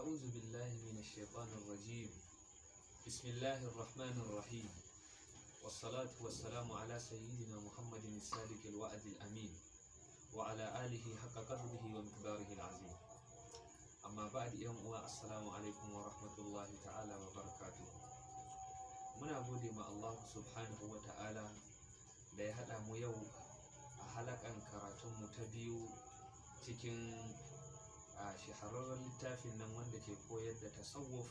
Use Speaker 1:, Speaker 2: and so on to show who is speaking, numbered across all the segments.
Speaker 1: أعوذ بالله من الشيطان الرجيم بسم الله الرحمن الرحيم والصلاة والسلام على سيدنا محمد الصادق الوعد الأمين وعلى آله حق قدره ومقداره العظيم أما بعد يوم السلام عليكم ورحمة الله تعالى وبركاته muna gode ma Allah subhanahu wa ta'ala da ya haɗa mu yau a halakan karatunmu ta biyu cikin a shahararren littafin nan wanda ke koyar da tasawuf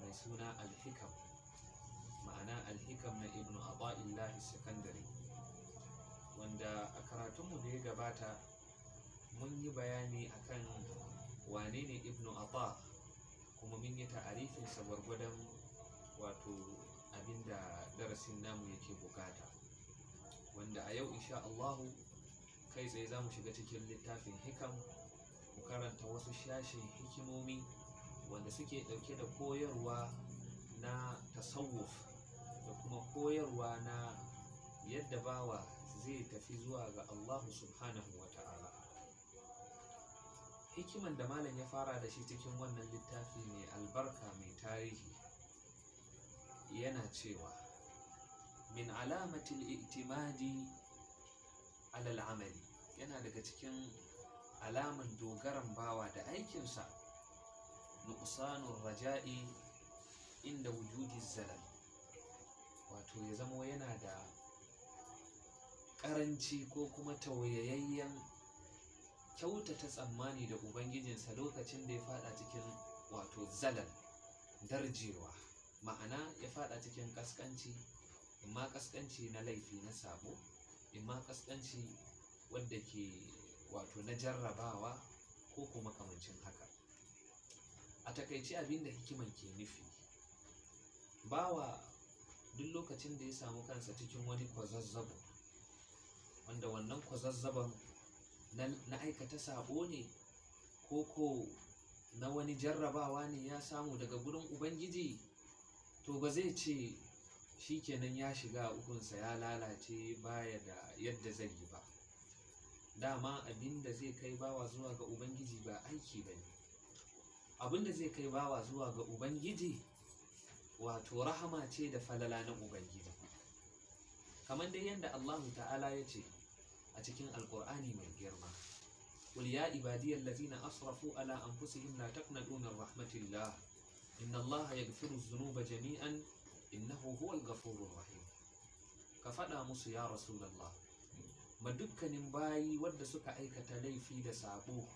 Speaker 1: mai suna alhikam ma'ana alhikam na ibn aba'illah sakandare wanda a karatunmu da ya gabata mun yi bayani akan wane ne ibn abba kuma mun yi ta'arifinsa gwargwadon wato abinda darasin namu yake bukata wanda a yau insha Allahu kai tsaye zamu shiga cikin littafin hikam ku karanta wasu shashin hikimomi wanda suke ɗauke da koyarwa na tasawuf da kuma koyarwa na yadda bawa zai tafi zuwa ga Allah subhanahu wa ta'ala hikiman da malam ya fara da shi cikin wannan littafi mai albarka mai tarihi yana cewa min alamatil itimadi alal amali yana daga cikin alaman dogaran bawa da aikinsa nuqsanur raja'i inda wujudi zalal wato ya zama yana da karanci ko kuma tawayayyen kyautata tsammani da ubangijinsa lokacin da ya fada cikin wato zalal darjewa ma'ana ya fada cikin kaskanci imma kaskanci na laifi na sabo imma kaskanci wadda ke wato na jarrabawa ko kuma kamancin haka a takaice abin da hikiman ke nufi bawa duk lokacin da ya samu kansa cikin wani kwazazzabo wanda wannan kwazazzaban na aikata sabo ne ko ko na wani jarrabawa ne ya samu daga gurin ubangiji to ba zai ce shi kenan ya shiga ukunsa ya lalace baya da yadda zai yi dama abinda zai kai bawa zuwa ga ubangiji ba aiki ba ne abin da zai kai bawa zuwa ga ubangiji wato rahama ce da falala na ubangiji kamar dai yadda allahu ta'ala ya ce a cikin alkur'ani mai girma قل يا عبادي الذين أسرفوا على أنفسهم لا تقنطوا من رحمة الله إن الله يغفر الذنوب جميعا إنه هو الغفور الرحيم كفدا musu ya رسول الله ma dukkanin bayi wadda suka aikata laifi da sabo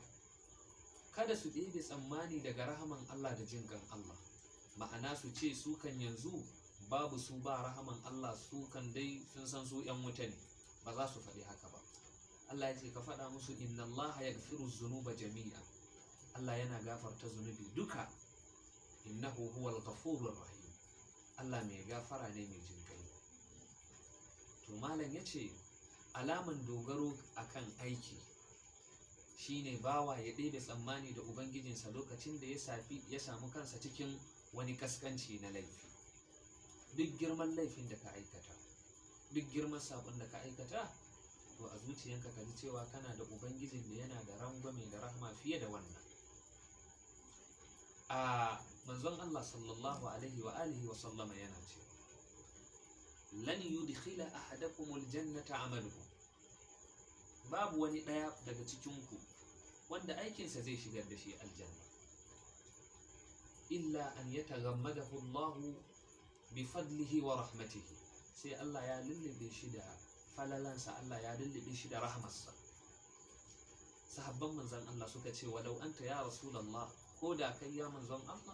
Speaker 1: kada su ɗebe tsammani daga rahaman Allah da jin Allah ma'ana su ce su kan yanzu babu su ba rahaman Allah su kan dai sun san su ‘yan wuta ne ba za su faɗi haka ba Allah ya ce ka faɗa musu inna Allah ya gafiru zunuba jami'a Allah yana gafarta zunubi duka innahu huwal ghafurur rahim Allah mai gafara ne mai jinkai to malam yace alaman dogaro a kan aiki shine bawa ya da tsammani da ubangijinsa lokacin da ya ya samu kansa cikin wani kaskanci na laifi duk girman laifin da ka aikata duk girman sabon da ka aikata to a zuciyanka ka ji cewa kana da ubangijin da yana da rangwame da rahma fiye da wannan a manzon Allah sallallahu alaihi wa alihi wa sallama yana cewa lan yudkhila ahadakum aljannata amaluhu babu wani ɗaya daga cikinku wanda aikinsa zai shigar da shi aljanna illa an ya tagammadahu Allahu bi fadlihi wa rahmatihi sai Allah ya lullube shi da falalansa Allah ya lullube shi da rahmarsa sahabban manzon Allah suka ce walau anta ya rasulullah ko da kai ya manzon Allah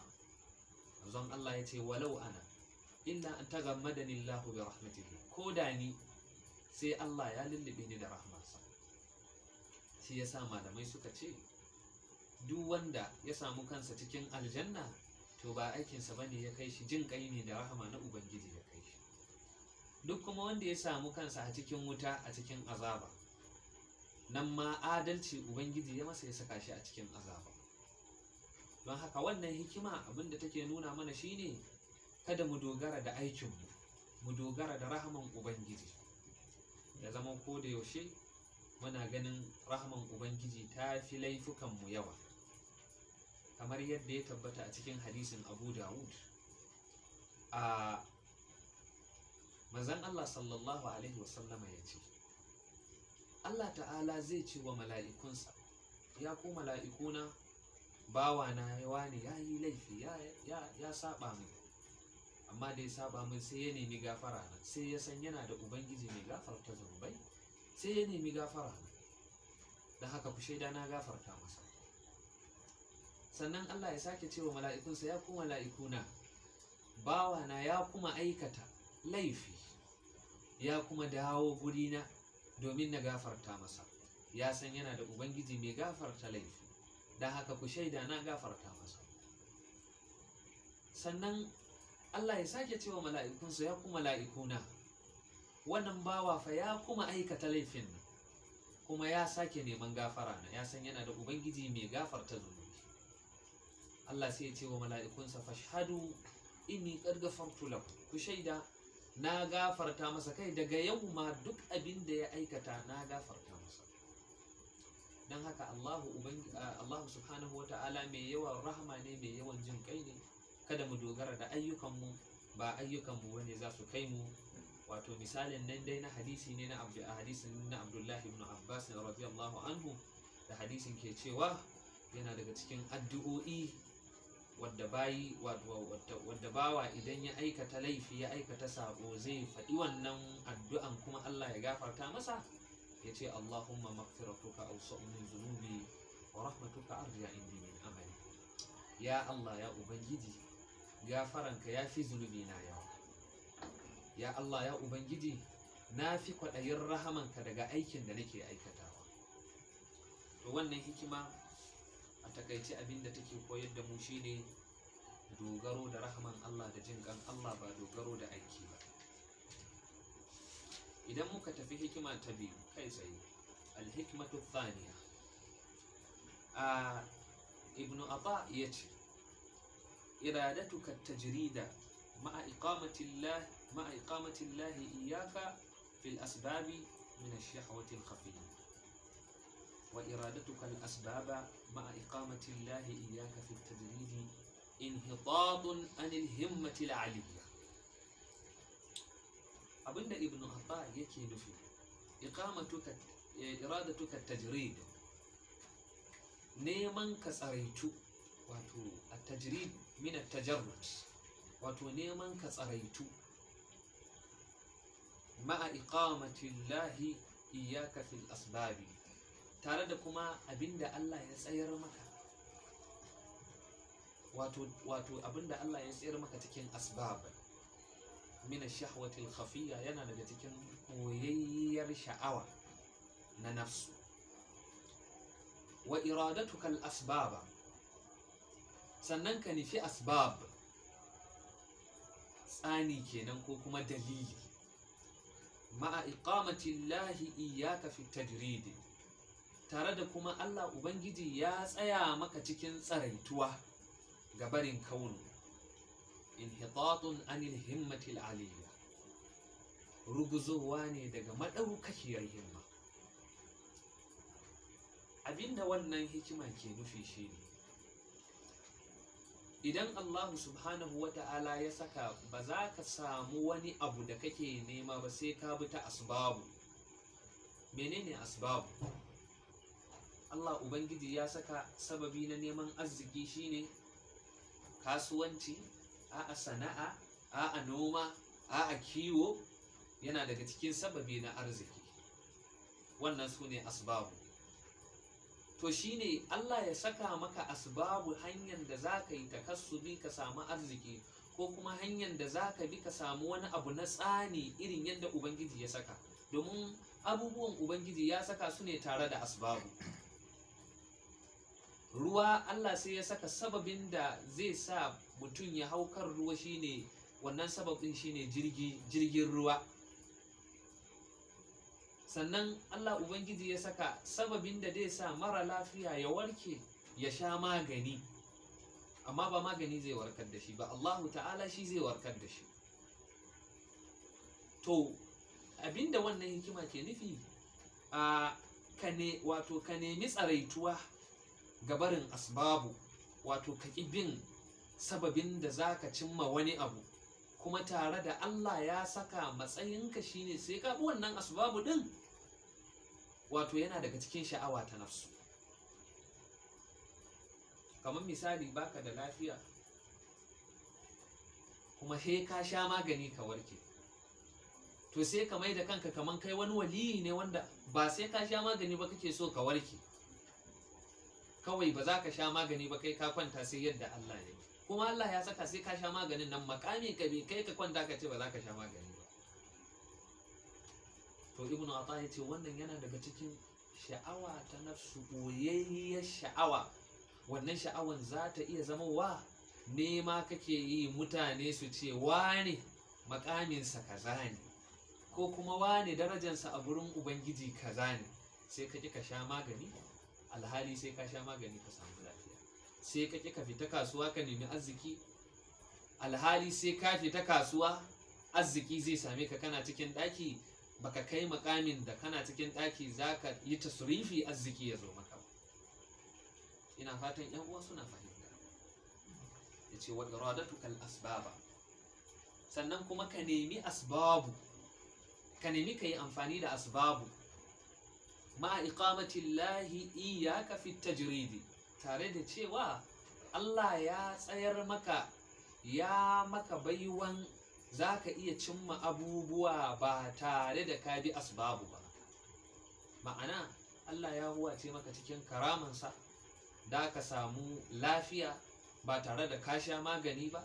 Speaker 1: manzon Allah ya ce walau ana illa an tagammadani Allah bi rahmatihi ko da ni sai Allah ya lullube ni da rahmarsa shi sa malamai suka ce duk wanda ya samu kansa cikin aljanna to ba aikinsa bane ya kai shi jin kai ne da rahama na ubangiji ya kai shi duk kuma wanda ya samu kansa a cikin wuta a cikin azaba nan ma adalci ubangiji ya masa ya saka shi a cikin azaba don haka wannan hikima da take nuna mana shine kada mu dogara da aikinmu mu dogara da rahaman ubangiji ya zama ko da yaushe muna ganin rahman ubangiji ta fi laifukanmu yawa kamar yadda ya tabbata a cikin hadisin abu dawud a mazan allah sallallahu alaihi wasallama ya ce allah ta'ala zai ce wa mala'ikunsa ya ku mala'ikuna na yawa ne ya yi laifi ya saba mai amma da ya saba mai sai ya nemi gafara sai ya san yana da ubangiji mai gafarta zunubai sai ya nemi gafara da haka ku shaida na gafarta masa sannan Allah ya sake cewa mala'ikunsa ya kuma mala'ikuna bawana ya kuma aikata laifi ya kuma dawo gurina domin na gafarta masa ya san yana da ubangiji mai gafarta laifi don haka ku shaida na gafarta masa sannan Allah ya sake cewa mala'ikunsa ya kuma mala'ikuna wannan bawa fa ya kuma aikata laifin nan kuma ya sake neman gafara na ya san yana da ubangiji mai gafarta zunubi Allah sai ya ce wa mala'ikunsa fashhadu inni qad ghafartu lakum ku shaida na gafarta masa kai daga yau ma duk abin da ya aikata na gafarta masa dan haka Allahu subhanahu wata'ala mai yawan rahama ne mai yawan jin kai ne kada mu dogara da ayyukanmu ba ayyukanmu mu za su kai mu wato misalin nan dai na hadisi ne na hadisin na abdullahi ibn abbas radiyallahu anhu da hadisin ke cewa yana daga cikin addu'o'i wadda bayi wadda bawa idan ya aikata laifi ya aikata sabo zai faɗi wannan addu'an kuma Allah ya gafarta masa ya ce Allahumma maghfiratuka awsa'u min zunubi wa rahmatuka arja indi min amali ya Allah ya ubangiji gafaranka ya fi zunubi na yawa ya Allah ya Ubangiji na fi kwaɗayin rahamanka daga aikin da nake aikatawa to wannan hikima a takaice abin da take koyar da mu shine dogaro da rahaman Allah da jin kan Allah ba dogaro da aiki ba idan muka tafi hikima ta biyu kai tsaye alhikmatu thaniya a ibnu aba ya ce iradatuka tajrida ma'a iqamati Allah مع إقامة الله إياك في الأسباب من الشهوة الخفية وإرادتك الأسباب مع إقامة الله إياك في التدريج انهضاض عن الهمة العلية أبن ابن عطاء يكيد في إقامة إرادة التجريد نيمان كسريتو واتو التجريد من التجرد واتو نيمان كسريتو ma'a iqamatillahi iya fil asbabi tare da kuma abinda Allah ya tsayar maka wato wato abinda Allah ya tsayar maka cikin asbab min ash-shahwati al yana daga cikin boyayyar sha'awa na nafsu wa iradatuka al-asbaba sannan ka nufi asbab tsani kenan ko kuma dalili ma'a iqamatillahi iyyaka fi tajrid tare da kuma Allah ubangiji ya tsaya maka cikin tsaraituwa ga barin kaunu inhitatun anil himmatil aliyya ruguzowa ne daga maɗaukakiyar himma abinda wannan hikima ke nufi ne. idan Allahu subhanahu wa ta'ala ya saka ba za ka samu wani abu da kake nema ba sai ka bi ta asbabu menene asbabu Allah Ubangiji ya saka sababi na neman arziki shine kasuwanci a sana'a a'a noma a'a kiwo yana daga cikin sababi na arziki wannan su ne asbabu to shine Allah ya saka maka asbabu hanyar da za ka yi takassubi ka samu arziki ko kuma hanyar da za ka bi ka samu wani abu na tsani irin yadda ubangiji ya saka domin abubuwan ubangiji ya saka su ne tare da asbabu ruwa Allah sai ya saka sababin da zai sa mutum ya hau kan ruwa shine wannan sababin shine jirgi jirgin ruwa sannan Allah Ubangiji ya saka sababin da zai sa mara lafiya ya warke ya sha magani amma ba magani zai warkar da shi ba Allahu ta'ala shi zai warkar da shi to abinda wannan hikima ke nufi a kane wato ka nemi tsaraituwa ga barin asbabu wato ka bin sababin da za ka cimma wani abu kuma tare da Allah ya saka matsayinka shine sai ka bi wannan asbabu din wato yana daga cikin sha'awa ta nafsu kamar misali baka da lafiya kuma sai ka sha magani ka warke to sai ka mai da kanka kamar kai wani waliyi ne wanda ba sai ka sha magani ba kake so ka warke kawai ba za ka sha magani ba kai ka kwanta sai yadda Allah ne kuma Allah ya saka sai ka sha maganin nan makami ka bi kai ka kwanta ka ce ba za ka sha magani to Ibn ata ya ce wannan yana daga cikin sha'awa ta nafsu ɓoyayyar sha'awa wannan sha'awan za ta iya wa? nema kake yi mutane su ce wane makaminsa kaza ne ko kuma wane darajansa a gurin ubangiji kaza ne sai ka ka sha magani alhali sai ka sha magani ka samu lafiya sai ka ka fita kasuwa ka nemi arziki alhali sai ka fita kasuwa arziki zai same ka kana cikin ɗaki baka kai makamin da kana cikin ɗaki za ka yi tasrifi arziki ya zo maka ina fatan yan uwa suna fahimta ya ce wa iradutukal asbaba sannan kuma ka nemi asbabu ka nemi ka yi amfani da asbabu ma'a iya ka fita tajridi tare da cewa Allah ya tsayar maka ya maka baiwan za ka iya cimma abubuwa ba tare da ka bi asbabu ba ma'ana Allah ya huwace maka cikin karamansa da ka samu lafiya ba tare da ka sha magani ba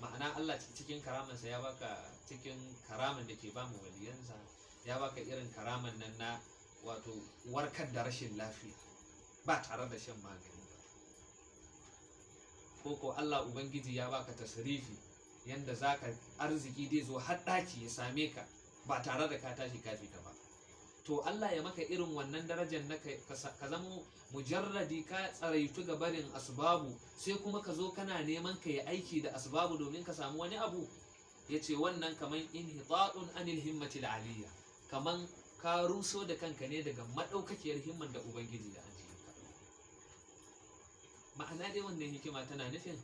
Speaker 1: ma'ana Allah cikin karamansa ya baka cikin karaman da ke ba mu waliyansa ya baka irin karaman nan na wato warkar da rashin lafiya ba tare da shan magani ba ko ko Allah ubangiji ya baka tasrifi yanda za ka arziki dai zo har ɗaki ya same ka ba tare da ka tashi ka fita ba to Allah ya maka irin wannan darajar na ka zama mujarradi ka tsaraitu ga barin asbabu sai kuma ka zo kana neman ka yi aiki da asbabu domin ka samu wani abu ya ce wannan kaman inhita'un anil himmati aliyya kaman ka ruso da kanka ne daga maɗaukakiyar himman da ubangiji da an ma'ana dai wannan hikima tana nufin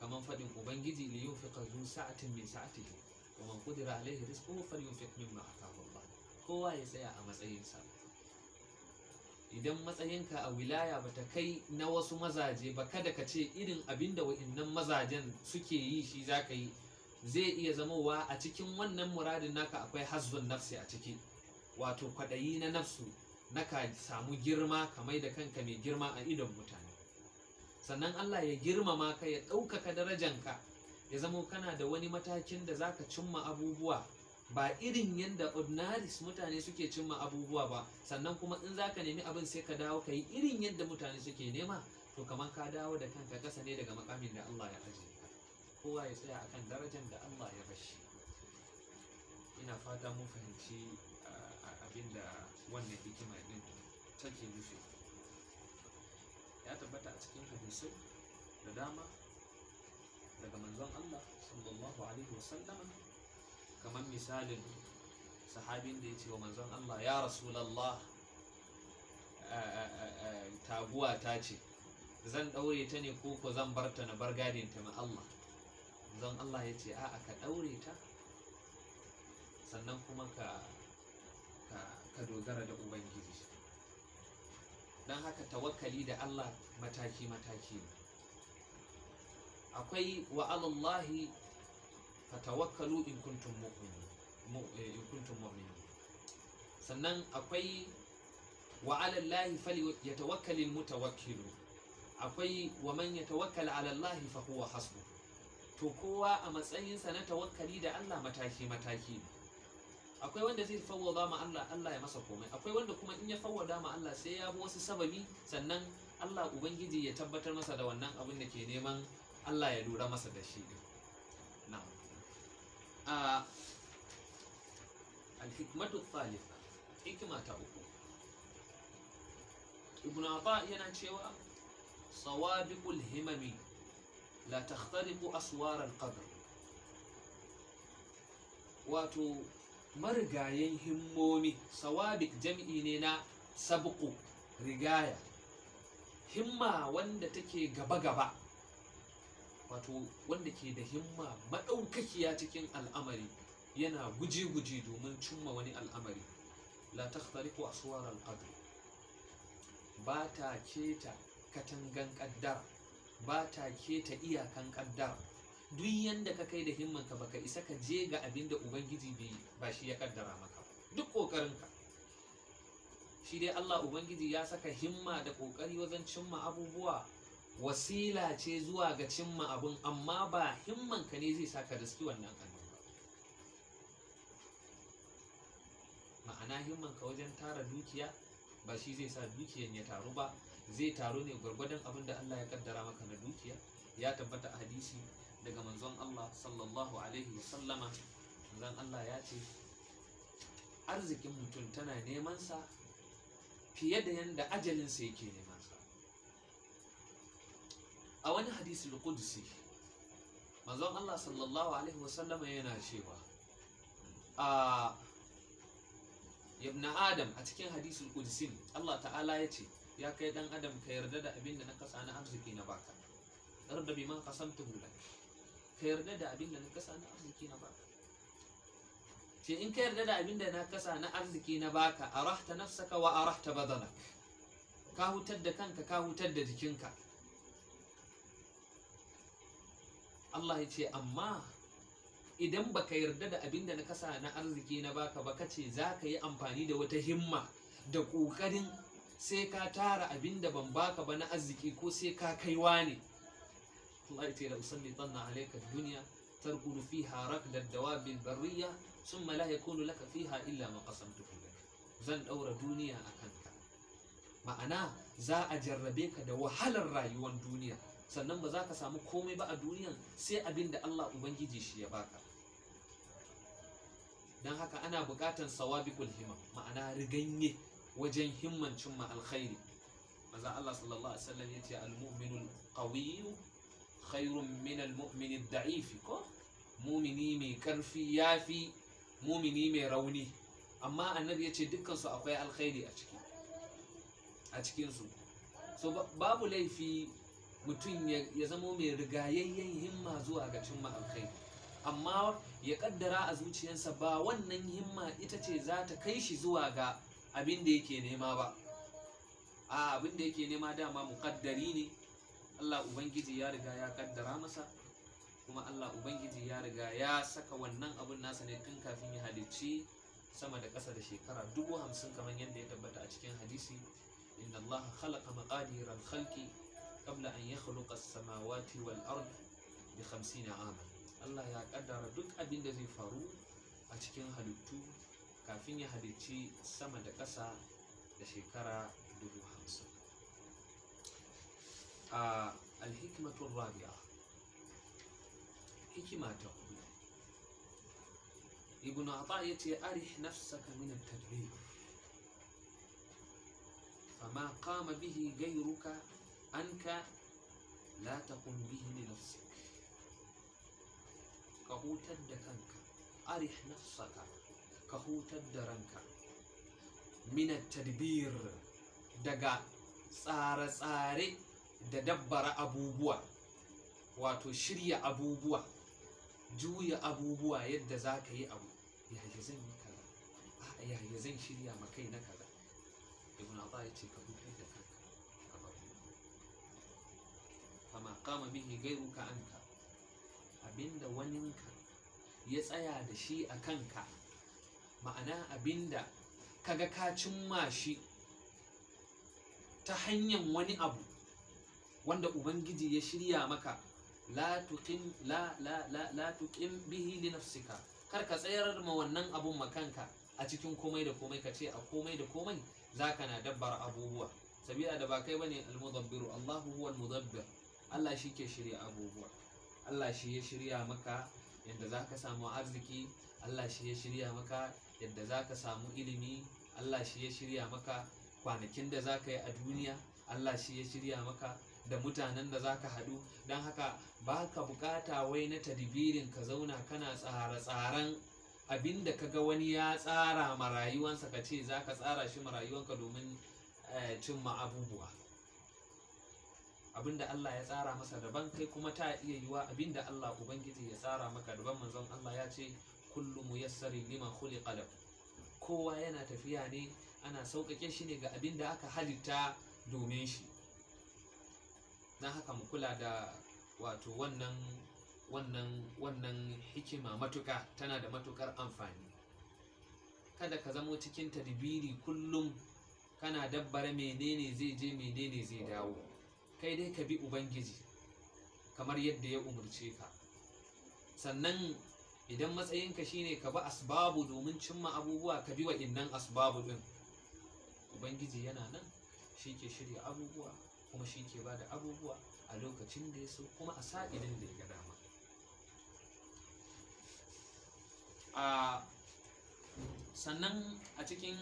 Speaker 1: Kaman faɗin ubangiji li yunfiqa zu sa'atin min sa'atihi wa man qudira alaihi rizquhu falyunfiq mimma ataahu Allah kowa ya tsaya a matsayinsa idan matsayinka a wilaya bata kai na wasu mazaje ba kada ka ce irin abin abinda wa'innan mazajen suke yi shi zaka yi zai iya zamowa a cikin wannan muradin naka akwai hazzun nafsi a ciki wato kwaɗayi na nafsu na ka samu girma kamai da kanka mai girma a idon mutane sannan Allah ya girmama ka ya ɗaukaka darajanka ya zamo kana da wani matakin da zaka cimma abubuwa ba irin yadda ordinaris mutane suke cimma abubuwa ba sannan kuma in zaka nemi abin sai ka dawo ka yi irin yadda mutane suke nema to kamar ka dawo da kanka kasa ne daga makamin da Allah ya ajiye ka kowa ya tsaya akan darajar da Allah ya bashi ina fata mun fahimci ah, abin da wannan hikima din take nufi ya tabbata a cikin hadisai da dama daga manzon Allah sallallahu alaihi wasallama kamar misalin sahabin da ya ce wa manzon Allah ya rasulallah taguwa ta ce zan daure ta ne ko ko zan bar ta na bar gadin ta ma Allah zan Allah ya ce a'a ka ɗaure ta sannan kuma ka dogara da ubangiji don haka tawakkali da Allah mataki-mataki ne akwai wa alallahi tawakalu eh, in kuntum mu'minin sannan akwai wa alallahi fali ya tawakkalin mutawakkilu akwai wa man ya tawakkala alallahi fa huwa hasbu to kowa a matsayinsa na tawakkali da Allah mataki-mataki ne akwai wanda zai fawwada ma Allah Allah ya masa komai akwai wanda kuma in ya fawwada ma Allah sai ya bi wasu sababi sannan Allah ubangiji ya tabbatar masa da wannan abin da ke neman Allah ya lura masa da shi din na'am a ah, al-hikmatu thalitha hikma ta uku ibn Abba yana cewa sawabiqul himami la takhtariqu aswar al-qadr wato marigayen himmomi sawabik jam'i ne na sabuku rigaya himma wanda take gaba-gaba wato wanda ke da himma maɗaukakiya cikin al'amari yana guje-guje domin cimma wani al'amari la takhtariqu aswar al-qadr ba ta keta katangan kaddara ba ta keta iyakan kaddara duk yanda ka kai da himmanka baka isa ka je ga abin da ubangiji bai ba shi ya kaddara maka duk kokarin ka. shi dai Allah ubangiji ya saka himma da kokari wajen cimma abubuwa wasila ce zuwa ga cimma abun amma ba himmanka ne zai saka riski wannan annoba ma'ana himmanka wajen tara dukiya ba shi zai sa dukiyan ya taru ba zai taru ne gwargwadon abin da Allah ya kaddara maka na dukiya ya tabbata a hadisi daga manzon Allah sallallahu alaihi wasallama manzon Allah ya ce arzikin mutum tana neman sa fiye da yadda ajalinsa yake neman sa a wani hadisi qudsi manzon Allah sallallahu alaihi wasallama yana cewa a Ibn adam a cikin hadisul qudsin Allah ta'ala ya ce ya kai dan adam ka yarda da abin da na kasa na arziki na baka yarda bima qasamtuhu lak ka yarda da abin da na kasa na arziki na baka ce in ka yarda da abin da na kasa na arziki na baka arahta nafsaka wa arahta badalak ka hutar da kanka ka hutar da jikinka Allah ya ce amma idan baka yarda da abin da na kasa na arziki na baka ba kace za ka yi amfani da wata himma da ƙoƙarin sai ka tara abin da ban baka ba na arziki ko sai ka kaiwa ne Allah ya ce la usallitanna alayka dunya tarkulu fiha rakda dawabi albarriya thumma la yakunu laka fiha illa ma qasamtuhu zan daura duniya akan ka ma'ana za a jarrabe ka da wahalar rayuwar duniya sannan ba za ka samu komai ba a duniya. sai abin da Allah ubangiji shi ya baka Dan haka ana bukatan sawabiqul himam ma'ana riganye wajen himmancin ma alkhairi maza Allah sallallahu alaihi wasallam yace al-mu'minul qawiyyu khairun min almu'min da'ifi ko mai karfi yafi mumini mai rauni amma annabi ya ce dukkansu akwai alkhairi a ciki cikinsu so babu laifi mutum ya zama mai rigayayyen himma zuwa ga cimma alkhairi amma ya kaddara a zuciyarsa ba wannan himma ita ce za ta kai shi zuwa ga abin da yake nema ba a abin da yake nema dama mukaddari ne Allah ubangiji ya riga ya kaddara masa kuma Allah ubangiji ya riga ya saka wannan abun nasa ne tun kafin ya halicci sama da ƙasa da shekara dubu hamsin kamar yadda ya tabbata a cikin hadisi inna Allah khalaqa maqadir al-khalqi qabla an yakhluqa as-samawati wal ard bi 50 ama Allah ya kaddara duk abin da zai faru a cikin halittu kafin ya halicci sama da ƙasa da shekara dubu آه، الحكمة الرابعة حكمة تقول ابن عطاء يتي أرح نفسك من التدبير فما قام به غيرك أنك لا تقوم به لنفسك كهوتر دكانك أرح نفسك كهوتر أنك من التدبير دقا صار صاري da dabbara abubuwa wato shirya abubuwa juya abubuwa yadda za ka yi abu yaya zan yi kaza a yaya zan shirya ma kai na kaza ibn Abba ya ce ka hutar da kanka ka bar kama kama bihi gairuka anka abinda waninka ya tsaya da shi a kanka ma'ana abinda kaga ka cimma shi ta hanyar wani abu wanda ubangiji ya shirya maka la tuqim bihi li nafsika kar ka tsayar ma wannan abun makanka a cikin komai da komai ka ce a komai da komai zaka na dabbar abubuwa sabila da ba kai bane al-mudabbiru Allahu huwa al-mudabbir Allah shi ke shirya abubuwa Allah shi ya shirya maka yadda zaka samu arziki Allah shi ya shirya maka yadda zaka samu ilimi Allah shi ya shirya maka kwanakin da zaka yi a duniya Allah shi ya shirya maka da mutanen da za ka haɗu don haka ba ka bukata wai na tadibirin ka zauna kana tsare-tsaren abin da ka ga wani ya tsara marayuwansa ka ce za ka tsara shi marayuwanka rayuwanka domin eh, cimma abubuwa abinda Allah ya tsara masa daban kai kuma ta iya yiwa abinda Allah ubangiji ya tsara maka daban manzon Allah ya ce kullu muyassarin liman khuliqa lahu kowa yana tafiya ne ana sauƙaƙe shi ne ga abin da aka halitta domin shi na haka mu kula da wato wannan wannan wannan hikima matuka tana da matukar amfani kada ka zamo cikin tadbiri kullum kana dabbara menene zai je menene zai dawo kai dai ka bi ubangiji kamar yadda ya umarce ka sannan idan matsayinka shine ka bi asbabu domin cimma abubuwa ka bi wa'innan asbabu din ubangiji yana nan shi ke shirya abubuwa kuma shi ke ba da abubuwa a lokacin da ya so kuma a sa'idin da ya ga dama a sannan a cikin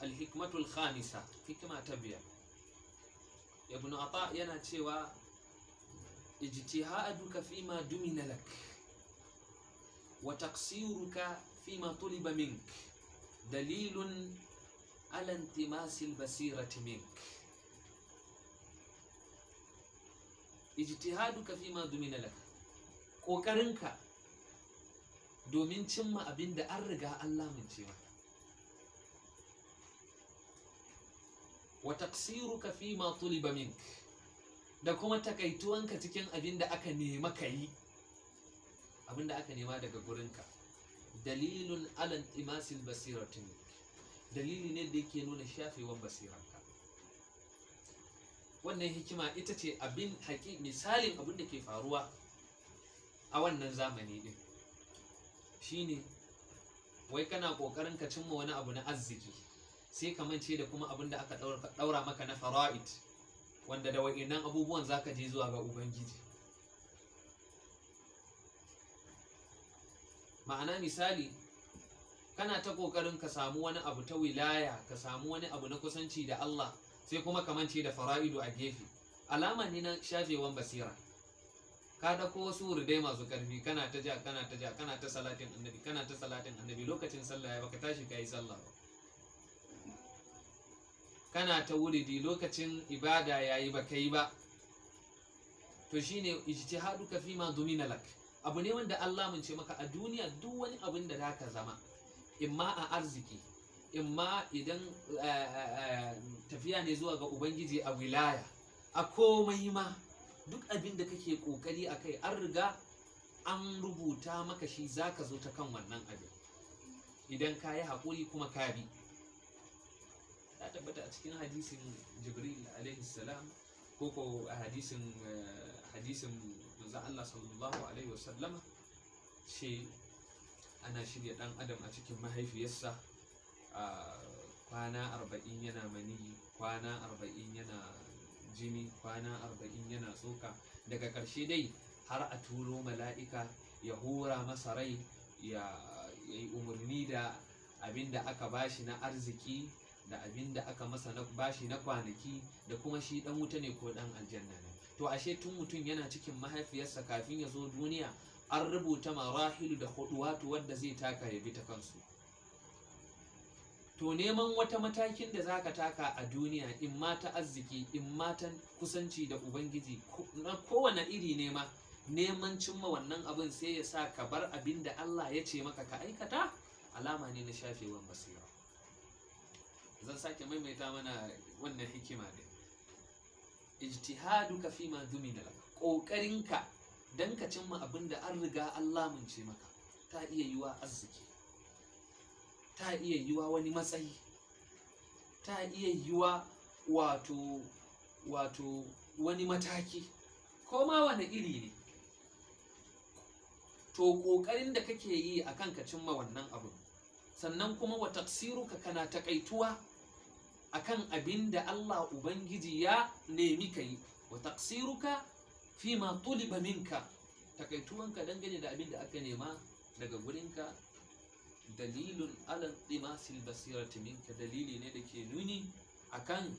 Speaker 1: alhikmatul khamisa hikima ta biyar ibn ata yana cewa ijtihaduka fima dumina lak wa taqsiruka fima tuliba mink dalilun ala intimasi basirati mink ijtihaduka fi ma dumina laka kokarinka domin cimma abin da an riga Allah mun ce maka wa taqsiruka fi ma tuliba mink da kuma takaituwanka cikin abin da aka nema kai abin da aka nema daga gurinka dalilun alan imasil basiratin dalili ne da yake nuna shafewan basira wannan hikima ita ce abin haƙi misalin abin da ke faruwa a wannan zamani din ne, wai kana ƙoƙarin ka cimma wani abu na arziki sai ka mance da kuma abin da aka ɗaura maka na fara'id wanda da wa'innan abubuwan za ka je zuwa ga ubangiji ma'ana misali kana ta ƙoƙarin ka samu wani abu ta wilaya ka samu wani abu na kusanci da Allah sai kuma kamance da fara'idu a gefe alama ne na shafewan basira ka ko wasu wurdai masu karfi kana ta ja kana ta ja kana ta salatin annabi kana ta salatin annabi lokacin sallah ya baka tashi kai sallah ba kana ta wuridi lokacin ibada yayi ba kai ba to shine ka fi ma dumina lak abu ne wanda Allah mun ce maka a duniya duk wani abin da zaka zama imma a arziki in ma idan eh, eh, eh, tafiya ne zuwa ga ubangiji a wilaya a komai ma duk abin da kake kokari a kai an riga an rubuta maka shi za ka zo ta kan wannan abin idan ka yi haƙuri kuma ka bi ya tabbata a cikin hadisin jibril alaihi salam ko ko a hadisin hadisin manzo Allah sallallahu alaihi wasallama ce ana shirya dan adam a cikin mahaifiyarsa kwana arba'in yana mani kwana arba'in yana jini kwana arba'in yana tsoka daga ƙarshe dai har a turo mala'ika ya hura masa rai ya yi umarni da abin da aka bashi na arziki da abin da aka masa na bashi na kwanaki da kuma shi ɗan wuta ne ko ɗan aljanna ne to ashe tun mutum yana cikin mahaifiyarsa kafin ya zo duniya an rubuta marahilu da hudu wato wadda zai taka ya bi ta kansu to neman wata matakin da zaka taka a duniya in ma ta arziki in ma ta kusanci da ubangiji kowane iri nema ma neman cimma wannan abin sai ya sa ka bar abin da Allah ya ce maka ka aikata alama ne na shafewan basira zan sake maimaita mana wannan hikima din ijtihaduka fi ma dumina ka dan ka cimma abin da an riga Allah mun ce maka ta iya yiwa arziki ta iya yiwa wani matsayi ta iya yiwa wato wato wani mataki ko ma wani iri ne to ƙoƙarin da kake yi a kan ka cimma wannan abu sannan kuma wa taksiruka kana takaituwa a kan abin da Allah Ubangiji ya nemi ka yi wa taksiruka fi ma tuliba minka takaituwanka dangane da abin da aka nema daga gurinka dalilun alal dimasil basirati minka dalili ne da ke nuni akan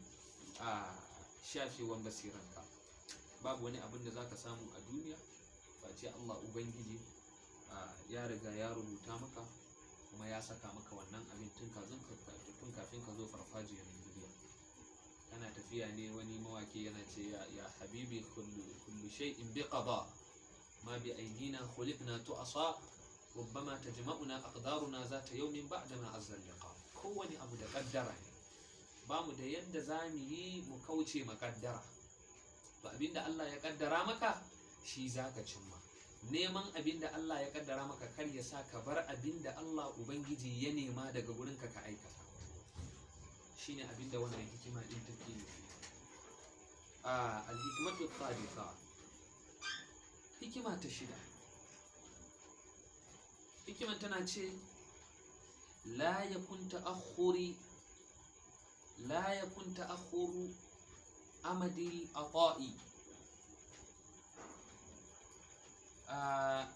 Speaker 1: a shafewan basiranka babu wani abin da zaka samu a duniya face Allah ubangiji ya riga ya rubuta maka kuma ya saka maka wannan abin tun kafin ka zo farfajiyar duniya kana tafiya ne wani mawaki yana ce ya habibi kullu shay'in bi qada ma bi aydina khuliqna tu'asa ربما تجمعنا أقدارنا ذات يوم بعدما عز اللقاء كوني أبو دقدرة بامو دا يند زامي مكوتي مقدرة فأبين دا الله يقدر مكا شي زاكا جمع neman abin da Allah ya kaddara maka kar ya sa ka bar abin da Allah Ubangiji ya nema daga wurinka ka aikata shine abin da wannan hikima din take nufi a al-hikmatu hikima ta shida hikiman tana ce la yakun ta'akhuri la yakun ta'akhuru amadil ata'i لا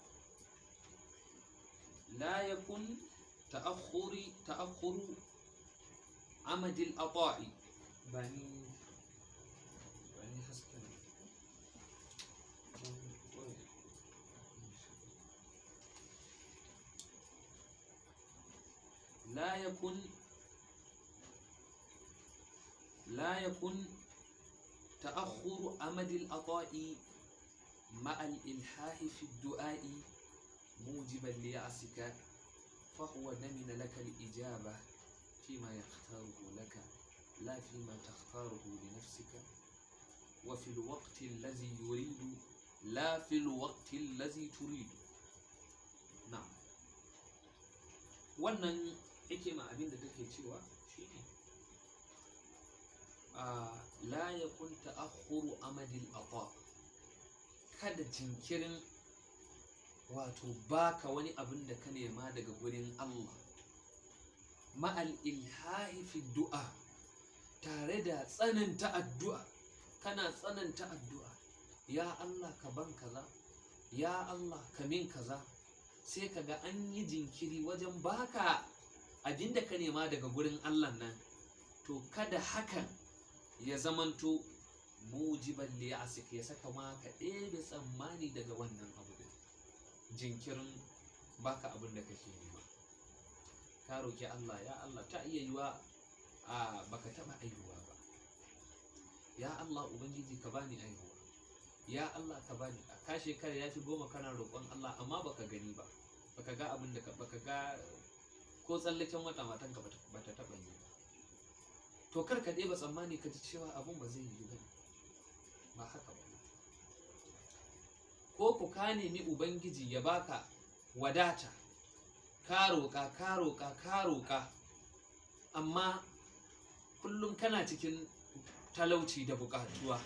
Speaker 1: يكن تأخر تأخر عمد الأطاعي بني يكن لا يكن تأخر أمد الأطاء مع الإلحاح في الدعاء موجبا ليأسك فهو نمن لك الإجابة فيما يختاره لك لا فيما تختاره لنفسك وفي الوقت الذي يريد لا في الوقت الذي تريد نعم wannan yake ma abin da take cewa ne a la yakun ta'akhuru amadil kada jinkirin wato baka wani abin da ka nema daga gurin Allah ma'al ilhahi fi du'a tare da tsananta addu'a kana tsananta addu'a ya Allah ka ban kaza ya Allah ka min kaza sai ga an yi jinkiri wajen baka da ka nema daga gurin Allah nan to kada hakan ya zamanto mujiban ya asik ya saka ma ka ɗebe tsammani daga wannan abu da jinkirin baka abin da kake nema ka roki Allah ya Allah ta iya yiwa a baka taba aihuwa ba ya Allah ubangiji ka bani aihuwa ya Allah ka bani a ka kare ya fi goma kana roƙon Allah amma baka gani ba baka ga abin da baka ga ko tsallaken wata matan ka ba ta taɓa yi to kar ka ɗeba tsammani ka ji cewa abun ba zai yi ba ba haka ba ko ku ka nemi ubangiji ya baka wadata ka roƙa ka roƙa ka roƙa amma kullum kana cikin talauci da buƙatuwa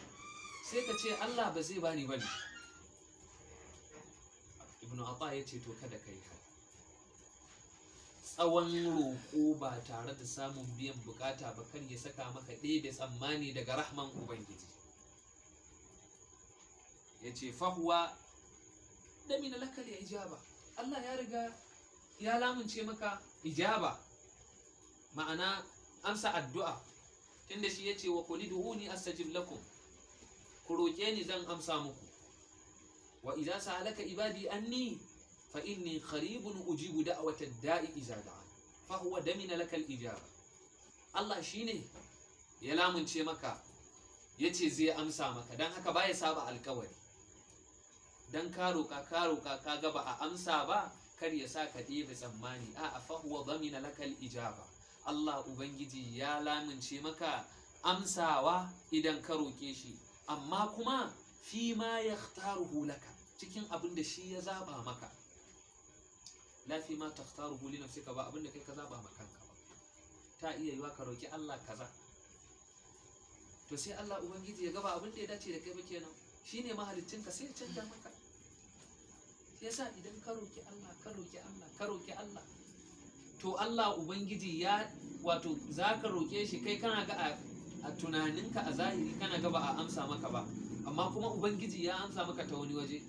Speaker 1: sai ka ce Allah ba zai bani ne. ibnu Atta ya ce to kada kai haka tsawon roƙo ba tare da samun biyan bukata ba kar ya saka maka ɗebe tsammani daga rahman ubangiji ya ce fahuwa da mina lakal ya ijaba Allah ya riga ya lamunce maka ijaba ma'ana amsa addu'a tunda shi ya ce wa kuli duhuni astajib lakum ku roƙe ni zan amsa muku wa idza sa'alaka ibadi anni فإني قريب أجيب دعوة الداء إذا دعان فهو دمن لك الإجابة Allah shi ne ya lamunce maka ya zai amsa maka don haka ba ya saba alkawari don ka roƙa ka roƙa ka a amsa ba kar ya sa ka ɗebe tsammani a a fahuwa zamina lakal ijaba Allah Ubangiji ya lamunce maka amsawa idan ka roke shi amma kuma fi ma ya laka cikin abin da shi ya zaba maka la fi ma huli na suka ba abinda kai ka zaba ma kanka ba ta iya yiwa ka roki Allah kaza to sai Allah ubangiji ya gaba abinda ya dace da kai ba kenan shine mahaliccin ka sai ya canja maka Ya yasa idan ka roki Allah ka roki Allah ka roki Allah to Allah ubangiji ya wato zaka roke shi kai kana ga a tunaninka a zahiri kana ga ba a amsa maka ba amma kuma ubangiji ya amsa maka ta wani waje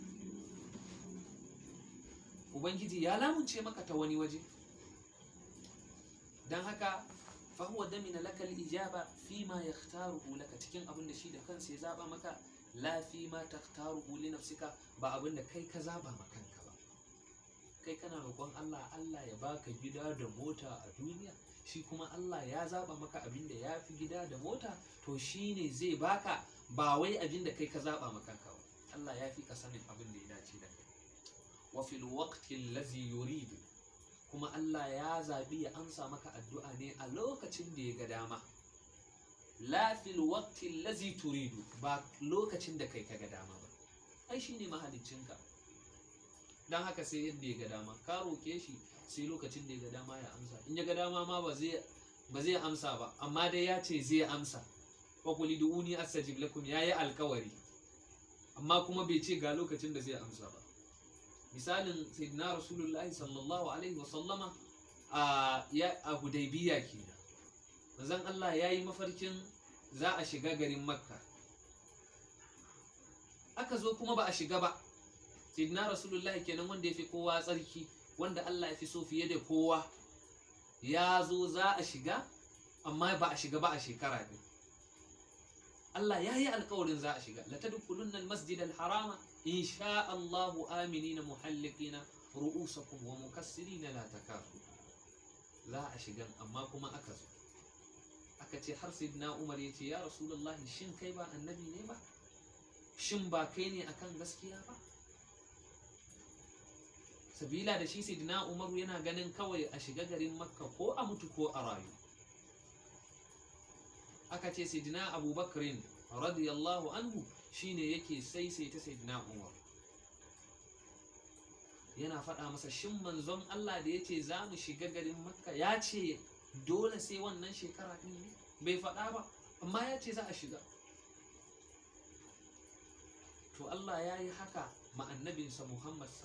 Speaker 1: ubangiji ya lamunce maka ta wani waje don haka fahuwa damina lakal ijaba fi ma ya laka cikin abin da shi da kansa ya zaba maka la fi ma ta li nafsika ba abin da kai ka zaba ma kanka ba kai kana roƙon Allah Allah ya baka gida da mota a duniya shi kuma Allah ya zaba maka abin da ya fi gida da mota to shi ne zai baka ba wai abin da kai ka zaba ma kanka ba Allah ya fi ka sanin abin da ya dace da kai wa fil waqti allazi yuridu kuma Allah ya zabi ya amsa maka addu'a ne a lokacin da ya ga dama la fil waqti allazi turidu ba lokacin da kai ka ga dama ba ai shine mahaliccinka dan haka sai yadda ya ga dama ka roke shi sai lokacin da ya ga dama ya amsa in ya ga dama ma ba zai ba zai amsa ba amma dai ya ce zai amsa wa qul ud'uni astajib lakum yayi alkawari amma kuma bai ce ga lokacin da zai amsa ba misalin sayyidina rasulullahi sallallahu alaihi wasallama a hudaybiya kenan manzon Allah ya yi mafarkin za a shiga garin makka aka zo kuma ba a shiga ba sayyidina rasulullahi kenan wanda ya fi kowa tsarki wanda Allah ya fi so fiye da kowa ya zo za a shiga amma ba a shiga ba a shekara biyu Allah ya yi alkawarin za a shiga la tadkhulunna al-masjid al-harama insha Allah na muhallikina ru'usakum wa mukassirina la za a shiga amma kuma aka zo aka ce har na Umar ya ce ya Rasulullahi shin kai ba annabi ne ba shin ba kai ne akan gaskiya ba sabila da shi sayyidina Umar yana ganin kawai a shiga garin Makka ko a mutu ko a rayu aka ce sayyidina abubakarin radiyallahu anhu shine yake ta saidina umar yana faɗa masa shin manzon Allah da yace za mu shiga garin makka ya ce dole sai wannan shekara ɗin ne bai faɗa ba amma ya ce za a shiga to Allah ya yi haka ma'annabinsa Muhammad